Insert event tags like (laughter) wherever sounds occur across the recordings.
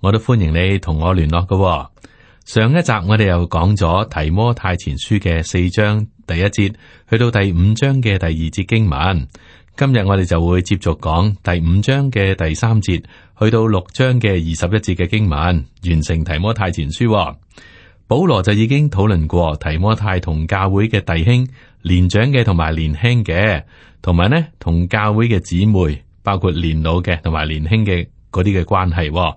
我都歡迎你同我聯絡噶喎。上一集我哋又講咗《提摩太前書》嘅四章第一節，去到第五章嘅第二節經文。今日我哋就會接續講第五章嘅第三節，去到六章嘅二十一節嘅經文，完成《提摩太前書》喎。保羅就已經討論過提摩太同教會嘅弟兄、年長嘅同埋年輕嘅，同埋呢同教會嘅姊妹，包括年老嘅同埋年輕嘅嗰啲嘅關係喎。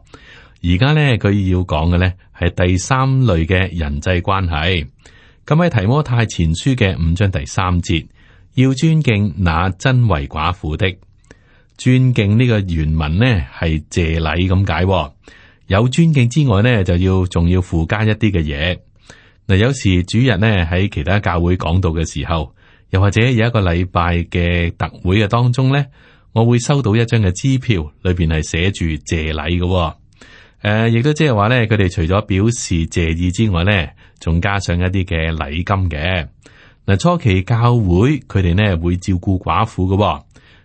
而家咧，佢要講嘅咧係第三類嘅人際關係。咁喺提摩太前書嘅五章第三節，要尊敬那真為寡婦的尊敬，呢個原文呢係謝禮咁解。有尊敬之外呢，就要仲要附加一啲嘅嘢。嗱，有時主人呢喺其他教會講道嘅時候，又或者有一個禮拜嘅特會嘅當中呢，我會收到一張嘅支票裡面寫，裏邊係寫住謝禮嘅。誒，亦都即係話咧，佢哋除咗表示謝意之外咧，仲加上一啲嘅禮金嘅。嗱，初期教會佢哋咧會照顧寡婦嘅、哦，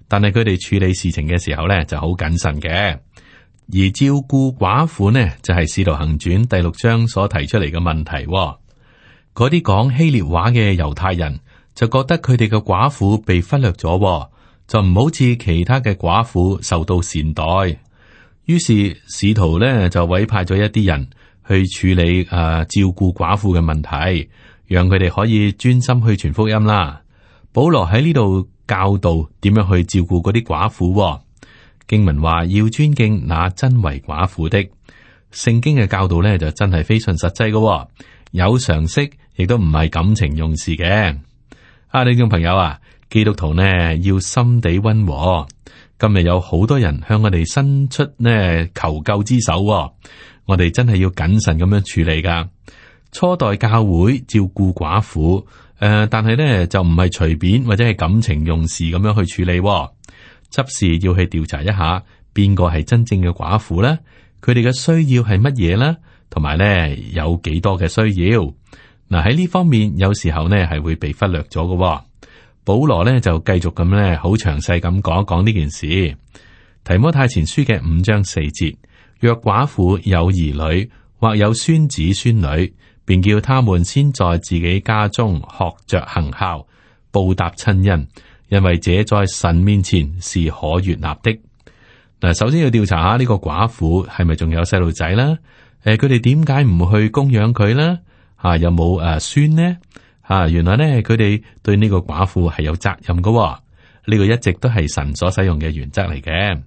但係佢哋處理事情嘅時候咧就好謹慎嘅。而照顧寡婦呢，就係《使徒行傳》第六章所提出嚟嘅問題、哦。嗰啲講希臘話嘅猶太人就覺得佢哋嘅寡婦被忽略咗，就唔好似其他嘅寡婦受到善待。於是使徒咧就委派咗一啲人去處理誒、呃、照顧寡婦嘅問題，讓佢哋可以專心去傳福音啦。保羅喺呢度教導點樣去照顧嗰啲寡婦、哦。經文話要尊敬那真為寡婦的。聖經嘅教導咧就真係非常實際噶、哦，有常識亦都唔係感情用事嘅。啊，聽眾朋友啊，基督徒呢要心地温和。今日有好多人向我哋伸出呢求救之手，我哋真係要謹慎咁樣處理噶。初代教會照顧寡婦，誒、呃，但係咧就唔係隨便或者係感情用事咁樣去處理，執事要去調查一下邊個係真正嘅寡婦咧，佢哋嘅需要係乜嘢咧，同埋咧有幾多嘅需要。嗱，喺呢方面，有時候呢係會被忽略咗嘅。保羅咧就繼續咁咧，好詳細咁講一講呢件事。提摩太前書嘅五章四節，若寡婦有兒女或有孫子孫女，便叫他們先在自己家中學着行孝，報答親恩，因為這在神面前是可悅納的。嗱，首先要調查下呢個寡婦係咪仲有細路仔啦？誒，佢哋點解唔去供養佢啦？吓、啊，有冇誒孫呢？啊，原來呢，佢哋對呢個寡婦係有責任噶、哦，呢、呢個一直都係神所使用嘅原則嚟嘅。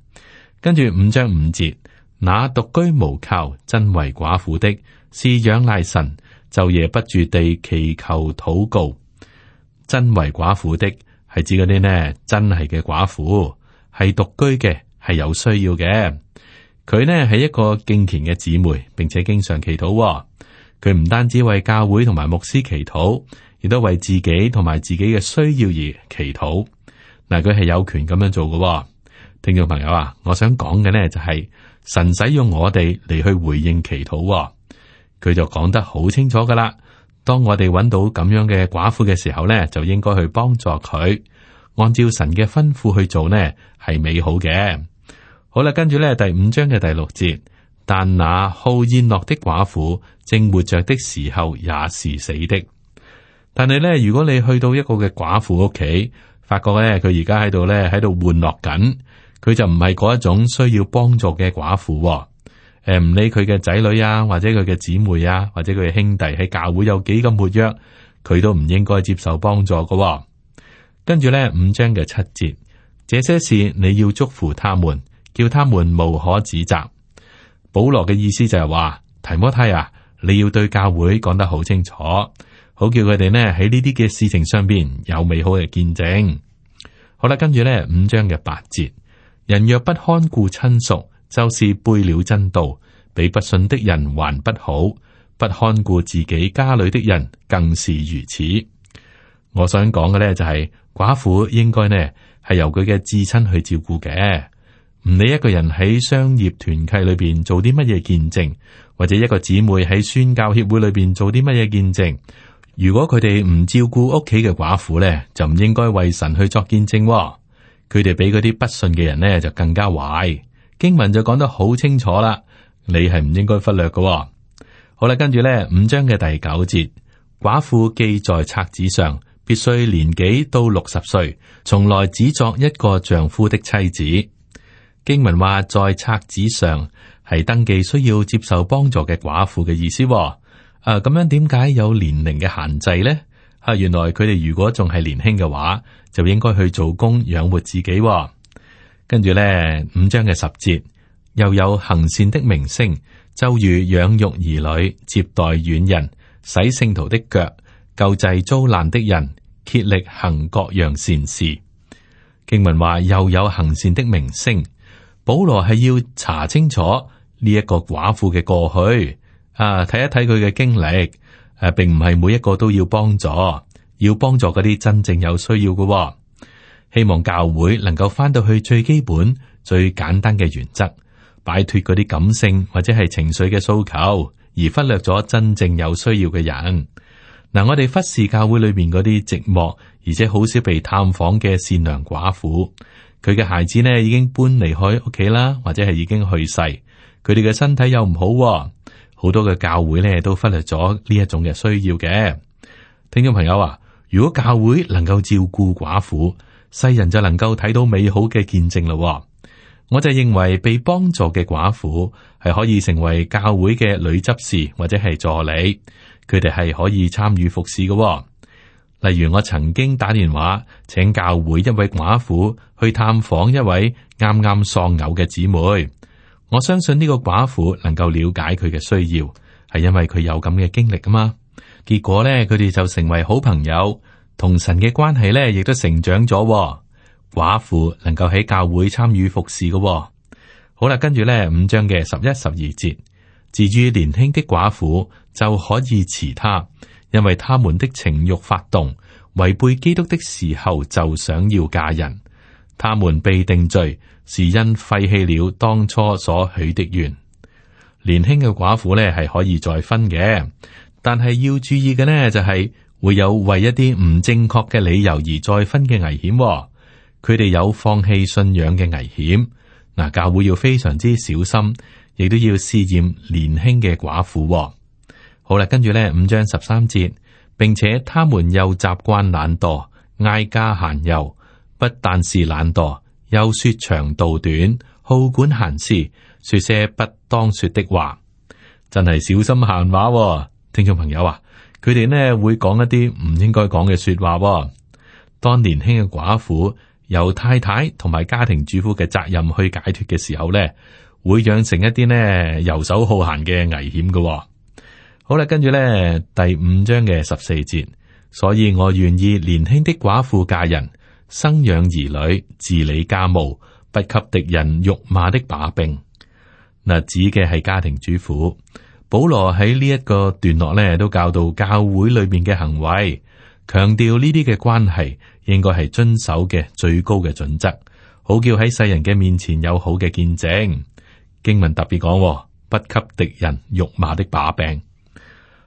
跟住五章五節，那獨居無靠、真為寡婦的，是仰賴神，晝夜不住地祈求禱告。真為寡婦的係指嗰啲呢，真係嘅寡婦，係獨居嘅，係有需要嘅。佢呢係一個敬虔嘅姊妹，並且經常祈禱、哦。佢唔單止為教會同埋牧師祈禱。亦都為自己同埋自己嘅需要而祈禱。嗱，佢係有權咁樣做嘅、哦，聽眾朋友啊。我想講嘅呢就係、是、神使用我哋嚟去回應祈禱、哦。佢就講得好清楚噶啦。當我哋揾到咁樣嘅寡婦嘅時候呢，就應該去幫助佢，按照神嘅吩咐去做呢，係美好嘅。好啦，跟住呢，第五章嘅第六節，但那好宴樂的寡婦正活着的時候，也是死的。但係咧，如果你去到一個嘅寡婦屋企，發覺咧佢而家喺度咧喺度玩樂緊，佢就唔係嗰一種需要幫助嘅寡婦、哦。誒、呃，唔理佢嘅仔女啊，或者佢嘅姊妹啊，或者佢嘅兄弟喺教會有幾咁活躍，佢都唔應該接受幫助嘅、哦。跟住咧，五章嘅七節，這些事你要祝福他們，叫他們無可指責。保羅嘅意思就係話，提摩太啊，你要對教會講得好清楚。好叫佢哋呢喺呢啲嘅事情上邊有美好嘅見證。好啦，跟住呢五章嘅八節，人若不看顧親屬，就是背了真道，比不信的人還不好。不看顧自己家裡的人，更是如此。我想講嘅呢就係寡婦應該呢係由佢嘅至親去照顧嘅。唔理一個人喺商業團契裡邊做啲乜嘢見證，或者一個姊妹喺宣教協會裡邊做啲乜嘢見證。如果佢哋唔照顧屋企嘅寡婦呢，就唔應該為神去作見證。佢哋比嗰啲不信嘅人呢，就更加壞。經文就講得好清楚啦，你係唔應該忽略嘅。好啦，跟住呢五章嘅第九節，寡婦記在冊子上，必須年紀到六十歲，從來只作一個丈夫的妻子。經文話在冊子上係登記需要接受幫助嘅寡婦嘅意思。啊，咁樣點解有年齡嘅限制咧？啊，原來佢哋如果仲係年輕嘅話，就應該去做工養活自己哦。跟住咧，五章嘅十節，又有行善的名聲，就如養育兒女、接待遠人、洗聖徒的腳、救濟遭難的人、竭力行各樣善事。經文話，又有行善的名聲，保羅係要查清楚呢一個寡婦嘅過去。啊，睇一睇佢嘅經歷，誒，並唔係每一個都要幫助，要幫助嗰啲真正有需要嘅喎。希望教會能夠翻到去最基本、最簡單嘅原則，擺脱嗰啲感性或者係情緒嘅訴求，而忽略咗真正有需要嘅人。嗱，我哋忽視教會裏面嗰啲寂寞而且好少被探訪嘅善良寡婦，佢嘅孩子呢已經搬離開屋企啦，或者係已經去世，佢哋嘅身體又唔好喎。好多嘅教會咧都忽略咗呢一種嘅需要嘅，聽眾朋友啊，如果教會能夠照顧寡婦，世人就能夠睇到美好嘅見證咯。我就認為被幫助嘅寡婦係可以成為教會嘅女執事或者係助理，佢哋係可以參與服侍嘅。例如我曾經打電話請教會一位寡婦去探訪一位啱啱喪偶嘅姊妹。我相信呢個寡婦能夠了解佢嘅需要，係因為佢有咁嘅經歷噶嘛。結果咧，佢哋就成為好朋友，同神嘅關係咧亦都成長咗、哦。寡婦能夠喺教會參與服侍嘅、哦。好啦，跟住咧五章嘅十一、十二節，至於年輕的寡婦就可以辭他，因為他們的情慾發動違背基督的時候，就想要嫁人。他們被定罪，是因廢棄了當初所許的願。年輕嘅寡婦呢，係可以再婚嘅，但係要注意嘅呢、就是，就係會有為一啲唔正確嘅理由而再婚嘅危險。佢哋有放棄信仰嘅危險。嗱，教會要非常之小心，亦都要試驗年輕嘅寡婦。好啦，跟住呢五章十三節，並且他們又習慣懶惰，挨家閒遊。不但是懶惰，又說長道短，好管閒事，說些不當說的話，真係小心閒話喎。聽眾朋友啊，佢哋呢會講一啲唔應該講嘅說話喎。當年輕嘅寡婦由太太同埋家庭主婦嘅責任去解脱嘅時候呢，會養成一啲呢游手好閒嘅危險嘅。好啦，跟住咧第五章嘅十四節，所以我願意年輕的寡婦嫁人。生養兒女，治理家務，不給敵人辱罵的把柄。嗱，指嘅係家庭主婦。保羅喺呢一個段落咧，都教導教會裏面嘅行為，強調呢啲嘅關係應該係遵守嘅最高嘅準則，好叫喺世人嘅面前有好嘅見證。經文特別講，不給敵人辱罵的把柄。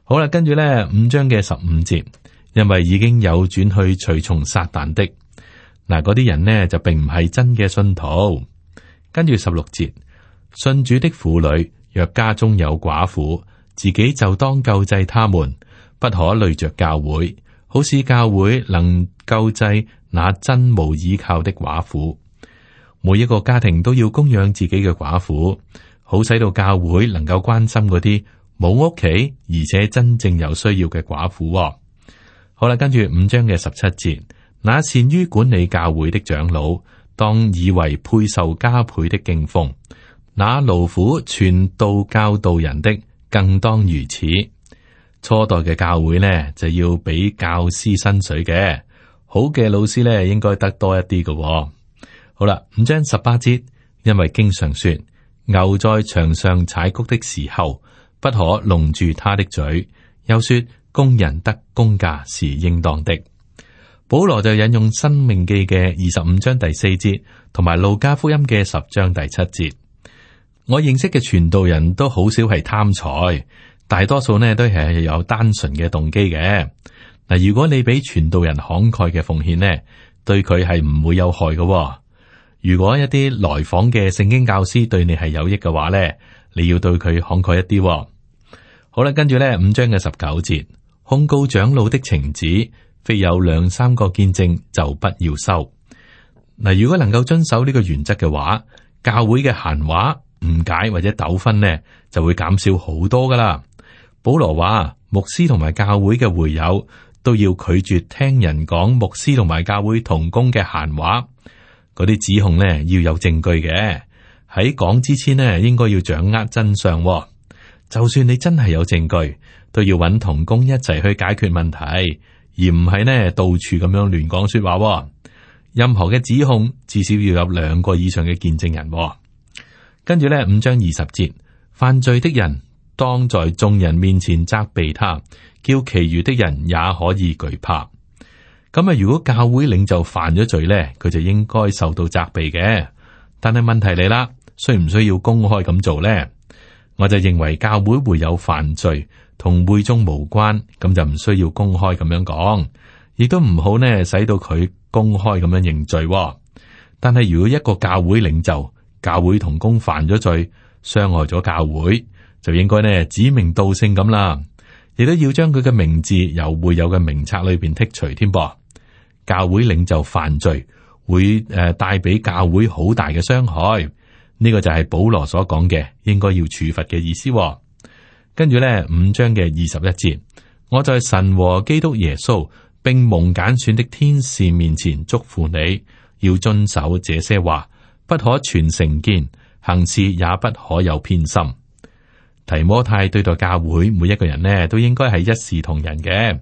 好啦，跟住咧五章嘅十五節，因為已經有轉去隨從撒旦的。嗱，嗰啲人呢就並唔係真嘅信徒。跟住十六節，信主的婦女若家中有寡婦，自己就當救濟他們，不可累着教會，好使教會能救濟那真無依靠的寡婦。每一個家庭都要供養自己嘅寡婦，好使到教會能夠關心嗰啲冇屋企而且真正有需要嘅寡婦。好啦，跟住五章嘅十七節。那善於管理教會的長老，當以為配受加倍的敬奉；那勞苦傳道教導人的，更當如此。初代嘅教會呢，就要俾教師薪水嘅。好嘅老師呢，應該得多一啲嘅、哦。好啦，五章十八節，因為經上說，牛在場上踩穀的時候，不可籠住他的嘴。又說，工人得工價是應當的。保羅就引用《申命記》嘅二十五章第四節，同埋《路加福音》嘅十章第七節。我認識嘅傳道人都好少係貪財，大多數呢都係有單純嘅動機嘅。嗱，如果你俾傳道人慷慨嘅奉獻呢，對佢係唔會有害嘅、哦。如果一啲來訪嘅聖經教師對你係有益嘅話呢，你要對佢慷慨一啲、哦。好啦，跟住呢五章嘅十九節，控告長老的呈子，非有兩三個見證就不要收嗱。如果能夠遵守呢個原則嘅話，教會嘅閒話、誤解或者糾紛呢，就會減少好多噶啦。保羅話，牧師同埋教會嘅會友都要拒絕聽人講牧師同埋教會同工嘅閒話。嗰啲指控呢，要有證據嘅。喺講之前呢，應該要掌握真相喎。就算你真係有證據，都要揾同工一齊去解決問題。而唔係呢，到處咁樣亂講說話。任何嘅指控至少要有兩個以上嘅見證人。跟住呢，五章二十節，犯罪的人當在眾人面前責備他，叫其餘的人也可以懼怕。咁啊，如果教會領袖犯咗罪呢，佢就應該受到責備嘅。但係問題嚟啦，需唔需要公開咁做呢？我就認為教會會友犯罪同會中無關，咁就唔需要公開咁樣講，亦都唔好呢使到佢公開咁樣認罪。但係如果一個教會領袖、教會同工犯咗罪，傷害咗教會，就應該呢指名道姓咁啦，亦都要將佢嘅名字由會友嘅名冊裏邊剔除添噃。教會領袖犯罪會誒帶俾教會好大嘅傷害。呢個就係保羅所講嘅，應該要處罰嘅意思，哦。跟住呢五章嘅二十一節，我在神和基督耶穌並蒙揀選的天使面前祝福你，要遵守這些話，不可存成見，行事也不可有偏心。提摩太對待教會每一個人呢都應該係一視同仁嘅，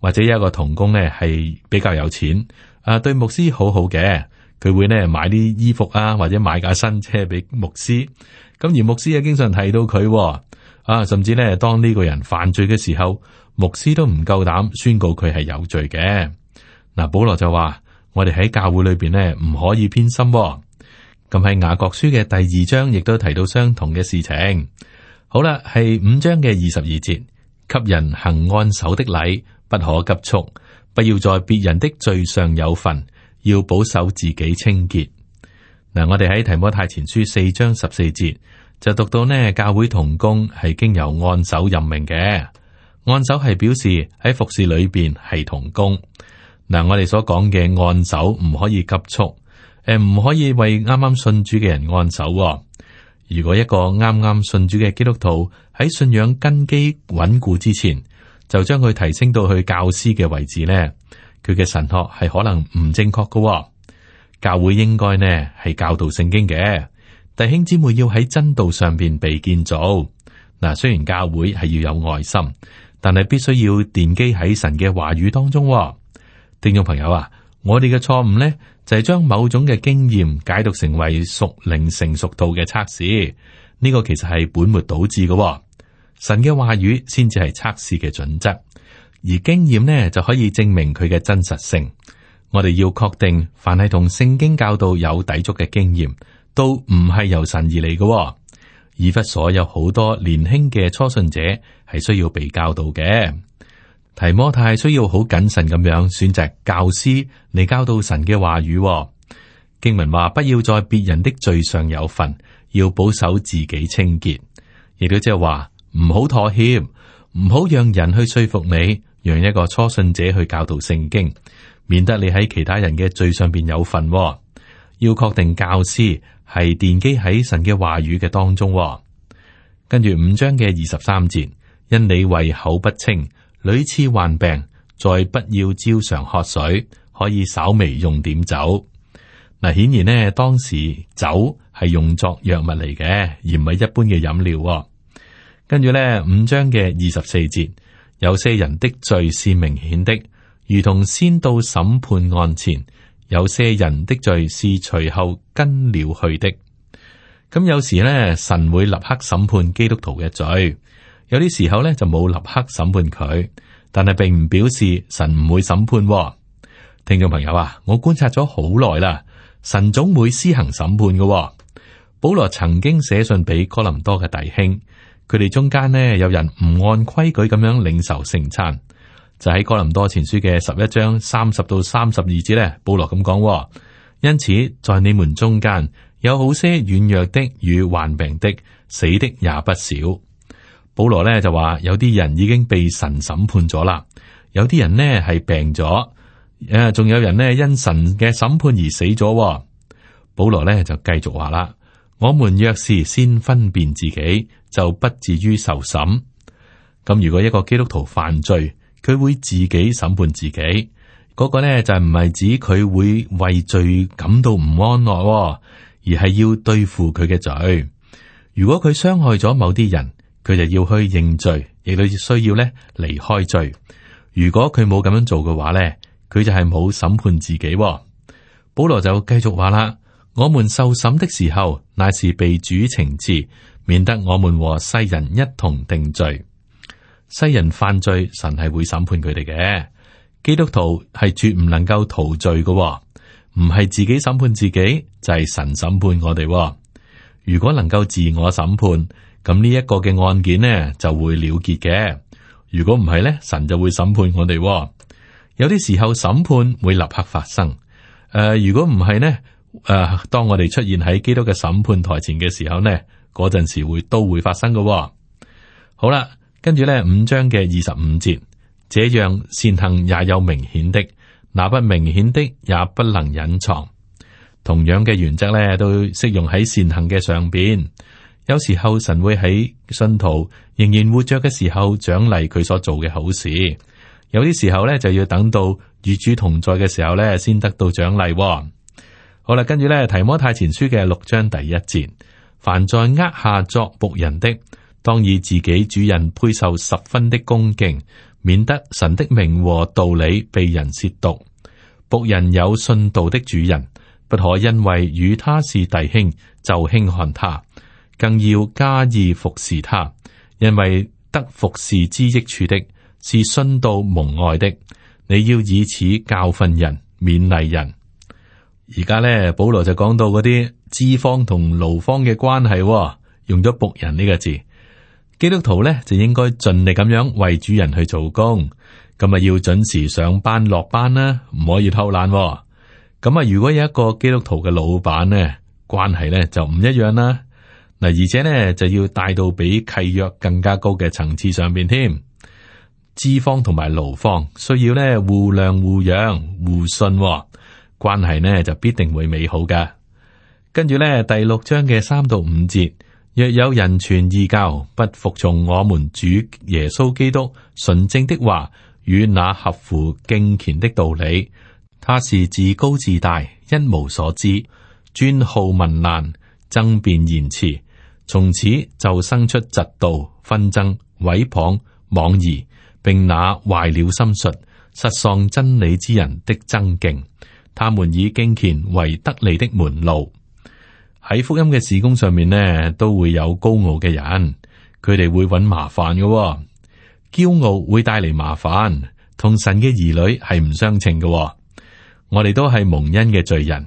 或者有一個同工呢係比較有錢，啊，對牧師好好嘅。佢會咧買啲衣服啊，或者買架新車俾牧師。咁而牧師又經常提到佢、啊，啊，甚至呢，當呢個人犯罪嘅時候，牧師都唔夠膽宣告佢係有罪嘅。嗱、啊，保羅就話：我哋喺教會裏邊呢，唔可以偏心、啊。咁喺雅各書嘅第二章亦都提到相同嘅事情。好啦、啊，係五章嘅二十二節，給人行按手的禮，不可急促，不要在別人的罪上有份。要保守自己清潔。嗱，我哋喺提摩太前書四章十四節就讀到呢，教會同工係經由按手任命嘅，按手係表示喺服侍裏邊係同工。嗱，我哋所講嘅按手唔可以急促，誒，唔可以為啱啱信主嘅人按手哦。如果一個啱啱信主嘅基督徒喺信仰根基穩固之前，就將佢提升到去教師嘅位置呢，佢嘅神學係可能唔正確嘅、哦，教會應該呢係教導聖經嘅。弟兄姊妹要喺真道上邊被建造。嗱，雖然教會係要有愛心，但係必須要奠基喺神嘅話語當中、哦。聽眾朋友啊，我哋嘅錯誤呢就係、是、將某種嘅經驗解讀成為屬靈成熟度嘅測試。呢、這個其實係本末倒置嘅、哦。神嘅話語先至係測試嘅準則。而經驗呢就可以證明佢嘅真實性。我哋要確定，凡係同聖經教導有抵觸嘅經驗，都唔係由神而嚟嘅，哦。而忽所有好多年輕嘅初信者係需要被教導嘅。提摩太需要好謹慎咁樣選擇教師嚟教導神嘅話語，哦。經文話：不要在別人的罪上有份，要保守自己清潔。亦都即係話唔好妥協，唔好讓人去說服你。讓一個初信者去教導聖經，免得你喺其他人嘅罪上邊有份，哦。要確定教師係奠基喺神嘅話語嘅當中，哦。跟住五章嘅二十三節，因你胃口不清，屢次患病，再不要照常喝水，可以稍微用點酒。嗱，顯然呢，當時酒係用作藥物嚟嘅，而唔係一般嘅飲料，哦。跟住呢，五章嘅二十四節。有些人的罪是明顯的，如同先到審判案前；有些人的罪是隨後跟了去的。咁有時呢神會立刻審判基督徒嘅罪；有啲時候呢就冇立刻審判佢，但係並唔表示神唔會審判喎。聽眾朋友啊，我觀察咗好耐啦，神總會施行審判嘅喎。保羅曾經寫信俾哥林多嘅弟兄。佢哋中間呢，有人唔按規矩咁樣領受聖餐，就喺哥林多前書嘅十一章三十到三十二節咧，保羅咁講。因此，在你們中間有好些軟弱的與患病的、死的也不少。保羅咧就話，有啲人已經被神審判咗啦，有啲人呢係病咗，誒，仲有人呢因神嘅審判而死咗。保羅咧就繼續話啦。我們若是先分辨自己，就不至於受審。咁如果一個基督徒犯罪，佢會自己審判自己。嗰個呢就唔係指佢會為罪感到唔安樂，而係要對付佢嘅罪。如果佢傷害咗某啲人，佢就要去認罪，亦都需要呢離開罪。如果佢冇咁樣做嘅話呢，佢就係冇審判自己。保羅就繼續話啦。我們受審的時候，乃是被主懲治，免得我們和世人一同定罪。世人犯罪，神係會審判佢哋嘅。基督徒係絕唔能夠逃罪嘅，唔係自己審判自己，就係、是、神審判我哋。如果能夠自我審判，咁呢一個嘅案件呢就會了結嘅。如果唔係呢，神就會審判我哋。有啲時候審判會立刻發生。誒、呃，如果唔係呢？誒、呃，當我哋出現喺基督嘅審判台前嘅時候呢，嗰陣時會都會發生噶、哦。好啦，跟住呢五章嘅二十五節，這樣善行也有明顯的，那不明顯的也不能隱藏。同樣嘅原則呢，都適用喺善行嘅上邊。有時候神會喺信徒仍然活着嘅時候獎勵佢所做嘅好事，有啲時候呢，就要等到與主同在嘅時候呢，先得到獎勵、哦。好啦，跟住咧，《提摩太前書》嘅六章第一節，凡在軛下作僕人的，當以自己主人配受十分的恭敬，免得神的名和道理被人褻瀆。僕人有信道的主人，不可因為與他是弟兄就輕看他，更要加意服侍他，因為得服侍之益處的，是信道蒙愛的。你要以此教訓人，勉勵人。而家咧，保羅就講到嗰啲資方同勞方嘅關係、哦，用咗僕人呢、這個字。基督徒咧就應該盡力咁樣為主人去做工，咁啊要準時上班落班啦，唔可以偷懶、哦。咁啊，如果有一個基督徒嘅老闆咧，關係咧就唔一樣啦。嗱，而且咧就要帶到比契約更加高嘅層次上邊添。資方同埋勞方需要咧互諒互讓互信、哦。關係呢就必定會美好嘅。跟住呢第六章嘅三到五節，若有人傳異教，不服從我們主耶穌基督純正的話與那合乎敬虔的道理，他是自高自大，一無所知，專好問難爭辯言辭，從此就生出嫉妒紛爭、毀謗、妄疑，並那壞了心術、失喪真理之人的爭競。他們以敬虔為得利的門路，喺福音嘅事工上面呢，都會有高傲嘅人，佢哋會搵麻煩嘅。驕傲會帶嚟麻煩，同神嘅兒女係唔相稱嘅。我哋都係蒙恩嘅罪人，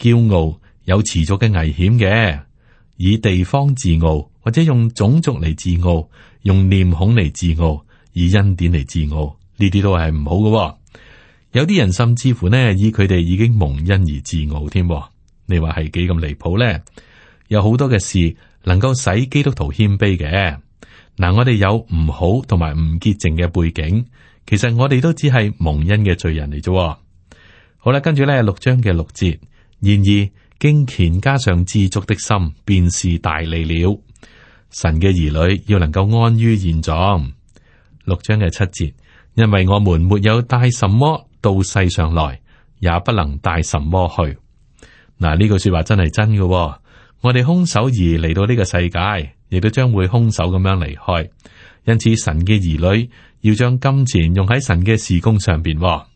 驕傲有持續嘅危險嘅。以地方自傲，或者用種族嚟自傲，用念孔嚟自傲，以恩典嚟自傲，呢啲都係唔好嘅。有啲人甚至乎呢，以佢哋已經蒙恩而自傲添。你話係幾咁離譜呢？有好多嘅事能夠使基督徒謙卑嘅。嗱，我哋有唔好同埋唔潔淨嘅背景，其實我哋都只係蒙恩嘅罪人嚟啫。好啦，跟住呢六章嘅六節，然而敬虔加上知足的心，便是大利了。神嘅兒女要能夠安於現狀。六章嘅七節，因為我們沒有帶什麼。到世上來也不能帶什麼去。嗱、啊，呢、這、句、個、說話真係真嘅、哦。我哋空手而嚟到呢個世界，亦都將會空手咁樣離開。因此，神嘅兒女要將金錢用喺神嘅事工上邊、哦。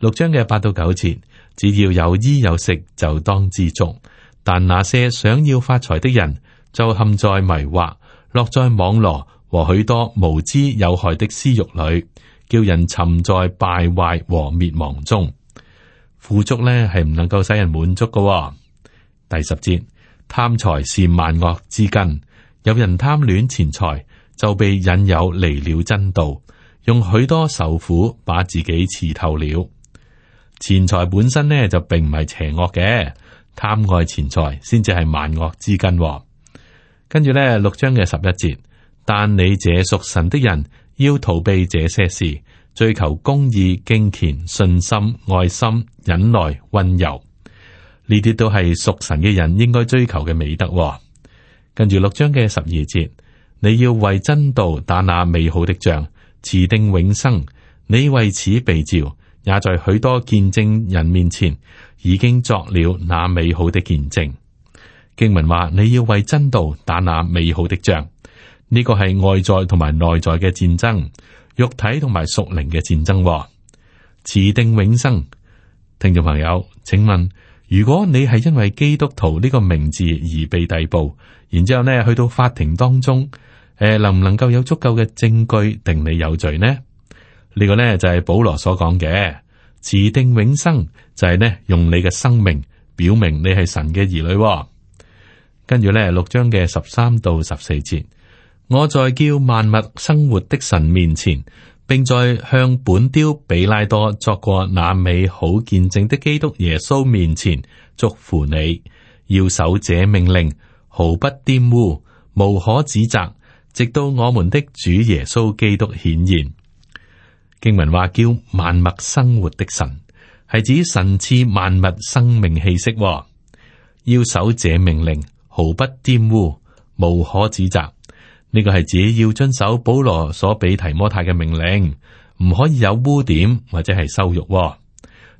六章嘅八到九節，只要有衣有食就當知足。但那些想要發財的人就陷在迷惑、落在網羅和許多無知有害的私欲裏。叫人沉在敗壞和滅亡中，富足呢，係唔能夠使人滿足嘅。第十節，貪財是萬惡之根。有人貪戀錢財，就被引誘離了真道，用許多愁苦，把自己刺透了。錢財本身呢，就並唔係邪惡嘅，貪愛錢財先至係萬惡之根。跟住呢，六章嘅十一節，但你這屬神的人。要逃避這些事，追求公義、敬虔、信心、愛心、忍耐、温柔，呢啲都係屬神嘅人應該追求嘅美德，哦。跟住六章嘅十二節，你要為真道打那美好的仗，持定永生。你為此被召，也在許多見證人面前已經作了那美好的見證。經文話：你要為真道打那美好的仗。呢個係外在同埋內在嘅戰爭，肉體同埋屬靈嘅戰爭、哦。持定永生，聽眾朋友，請問如果你係因為基督徒呢個名字而被逮捕，然之後咧去到法庭當中，誒、呃，能唔能夠有足夠嘅證據定你有罪呢？呢、呢個呢就係、係、保羅所講嘅持定永生，就係、係、呢用你嘅生命表明你係神嘅兒女。跟住呢，六章嘅十三到十四節。我在叫萬物生活的神面前，並在向本丟彼拉多作過那美好見證的基督耶穌面前祝福你，要守這命令，毫不玷污，無可指責，直到我們的主耶穌基督顯現。經文話叫萬物生活的神，係指神賜萬物生命氣息、哦。要守這命令，毫不玷污，無可指責。呢個係指要遵守保羅所俾提摩太嘅命令，唔可以有污點或者係羞辱、哦。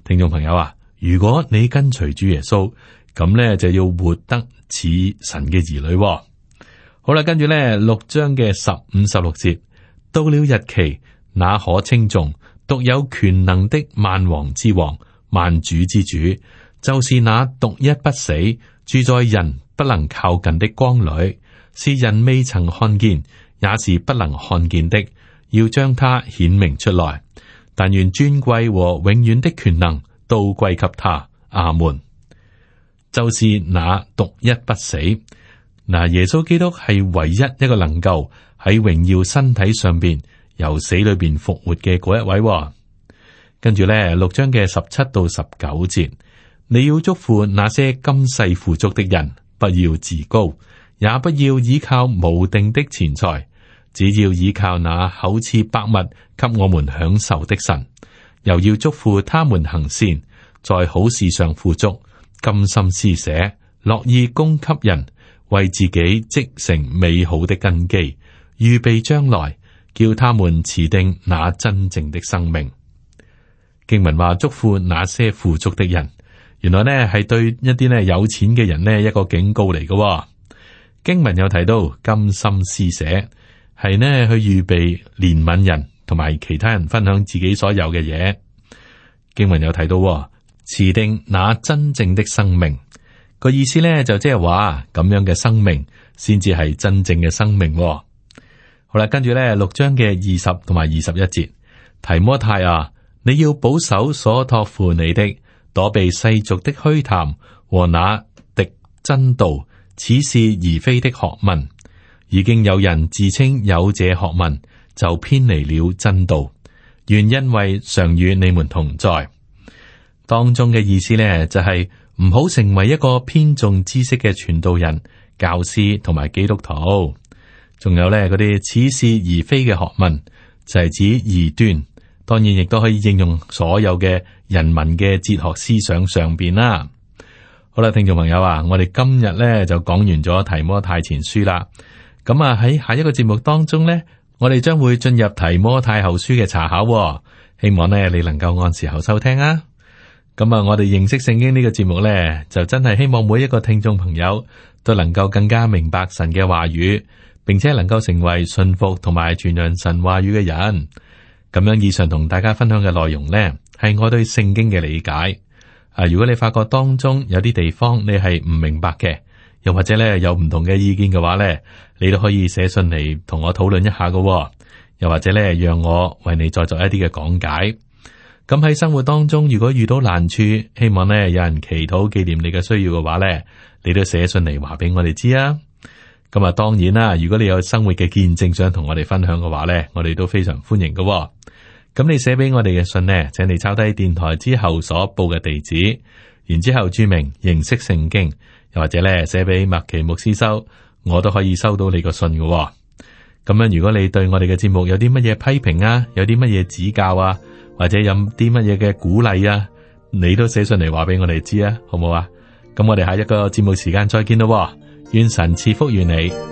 聽眾朋友啊，如果你跟隨主耶穌，咁呢就要活得似神嘅兒女、哦。好啦，跟住呢六章嘅十五、十六節，到了日期，那可稱頌獨有權能的萬王之王、萬主之主，就是那獨一不死、住在人不能靠近的光裏。是人未曾看見，也是不能看見的。要將他顯明出來，但願尊貴和永遠的權能都歸給他。阿門。就是那獨一不死嗱，耶穌基督係唯一一個能夠喺榮耀身體上邊由死裏邊復活嘅嗰一位。跟住咧六章嘅十七到十九節，你要祝福那些今世富足的人，不要自高。也不要依靠無定的錢財，只要依靠那厚賜百物給我們享受的神。又要祝福他們行善，在好事上富足，甘心施捨，樂意供給人，為自己積成美好的根基，預備將來叫他們持定那真正的生命。經文話祝福那些富足的人，原來呢係對一啲呢有錢嘅人呢一個警告嚟嘅。經文有提到，甘心施捨係呢去預備憐憫人同埋其他人分享自己所有嘅嘢。經文有提到，持定那真正的生命個意思呢？就即係話咁樣嘅生命先至係真正嘅生命。好啦，跟住呢六章嘅二十同埋二十一節，提摩太啊，你要保守所託付你的，躲避世俗的虛談和那敵真道。似是而非的學問，已經有人自稱有這學問，就偏離了真道。願恩惠常與你們同在。當中嘅意思呢，就係唔好成為一個偏重知識嘅傳道人、教師同埋基督徒，仲有呢嗰啲似是而非嘅學問，就係指異端。當然亦都可以應用所有嘅人民嘅哲學思想上邊啦。好啦，聽眾朋友啊，我哋今日咧就講完咗《提摩太前書》啦。咁啊，喺下一個節目當中咧，我哋將會進入《提摩太後書》嘅查考哦。希望咧你能夠按時候收聽啊。咁啊，我哋認識聖經呢個節目咧，就真係希望每一個聽眾朋友都能夠更加明白神嘅話語，並且能夠成為信服同埋傳揚神話語嘅人。咁樣以上同大家分享嘅內容咧，係我對聖經嘅理解。啊，如果你發覺當中有啲地方你係唔明白嘅，又或者咧有唔同嘅意見嘅話咧，你都可以寫信嚟同我討論一下噶。又或者咧，讓我為你再做一啲嘅講解。咁喺生活當中，如果遇到難處，希望咧有人祈禱紀念你嘅需要嘅話咧，你都寫信嚟話俾我哋知啊。咁啊，當然啦，如果你有生活嘅見證想同我哋分享嘅話咧，我哋都非常歡迎噶。咁你寫俾我哋嘅信呢，請你抄低電台之後所報嘅地址，然之後注明認識聖經，又或者咧寫俾麥奇牧師收，我都可以收到你個信嘅喎。咁樣，如果你對我哋嘅節目有啲乜嘢批評啊，有啲乜嘢指教啊，或者有啲乜嘢嘅鼓勵啊，你都寫信嚟話俾我哋知啊，好唔好啊？咁我哋下一個節目時間再見咯喎，願神賜福與你。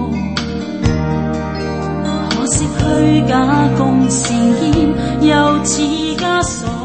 虛假共纏綿，又似枷鎖。 (noise)